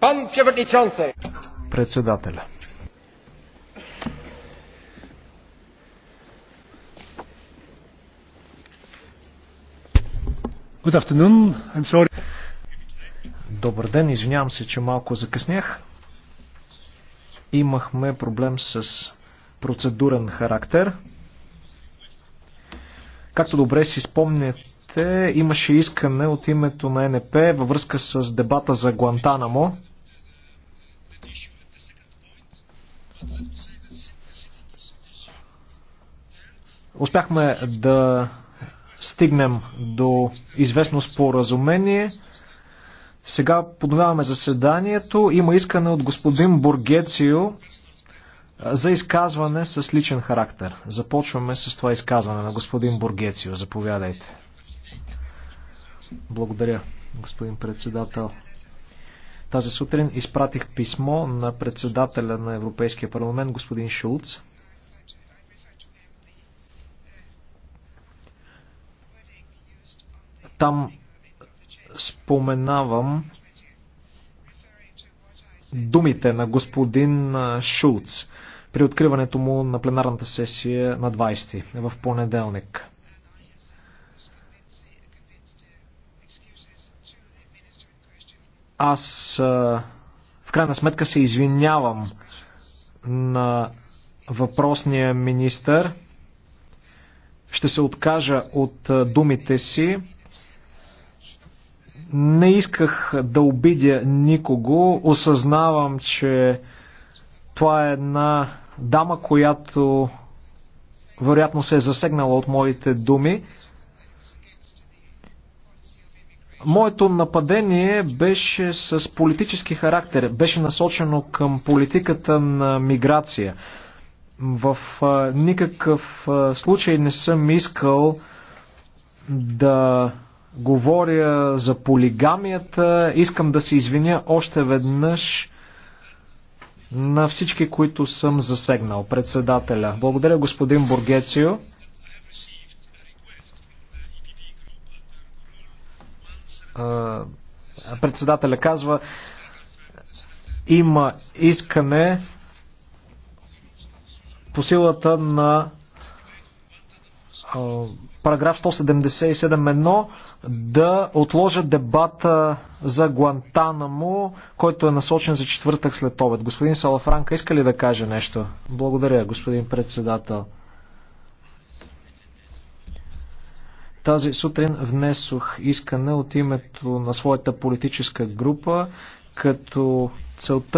Пан Przewodniczący! Председателя. Good afternoon. I'm sorry. Добър ден, извинявам се, че малко закъснях. Имахме проблем с процедурен характер. Както добре си спомняте, имаше искане от името на НП във връзка с дебата за Гуантанамо. Успяхме да стигнем до известно споразумение. Сега подновяваме заседанието. Има искане от господин Бургецио за изказване с личен характер. Започваме с това изказване на господин Бургецио. Заповядайте. Благодаря, господин председател. Тази сутрин изпратих писмо на председателя на Европейския парламент, господин Шулц. Там споменавам думите на господин Шулц при откриването му на пленарната сесия на 20 в понеделник. Аз в крайна сметка се извинявам на въпросния министър. Ще се откажа от думите си. Не исках да обидя никого. Осъзнавам, че това е една дама, която вероятно се е засегнала от моите думи. Моето нападение беше с политически характер, беше насочено към политиката на миграция. В никакъв случай не съм искал да говоря за полигамията. Искам да се извиня още веднъж на всички, които съм засегнал. Председателя. Благодаря, господин Бургецио. председателя казва, има искане по силата на параграф 177.1 да отложа дебата за Гуантанамо, който е насочен за четвъртък след обед. Господин Салафранка иска ли да каже нещо? Благодаря, господин председател. Тази сутрин внесох искане от името на своята политическа група, като целта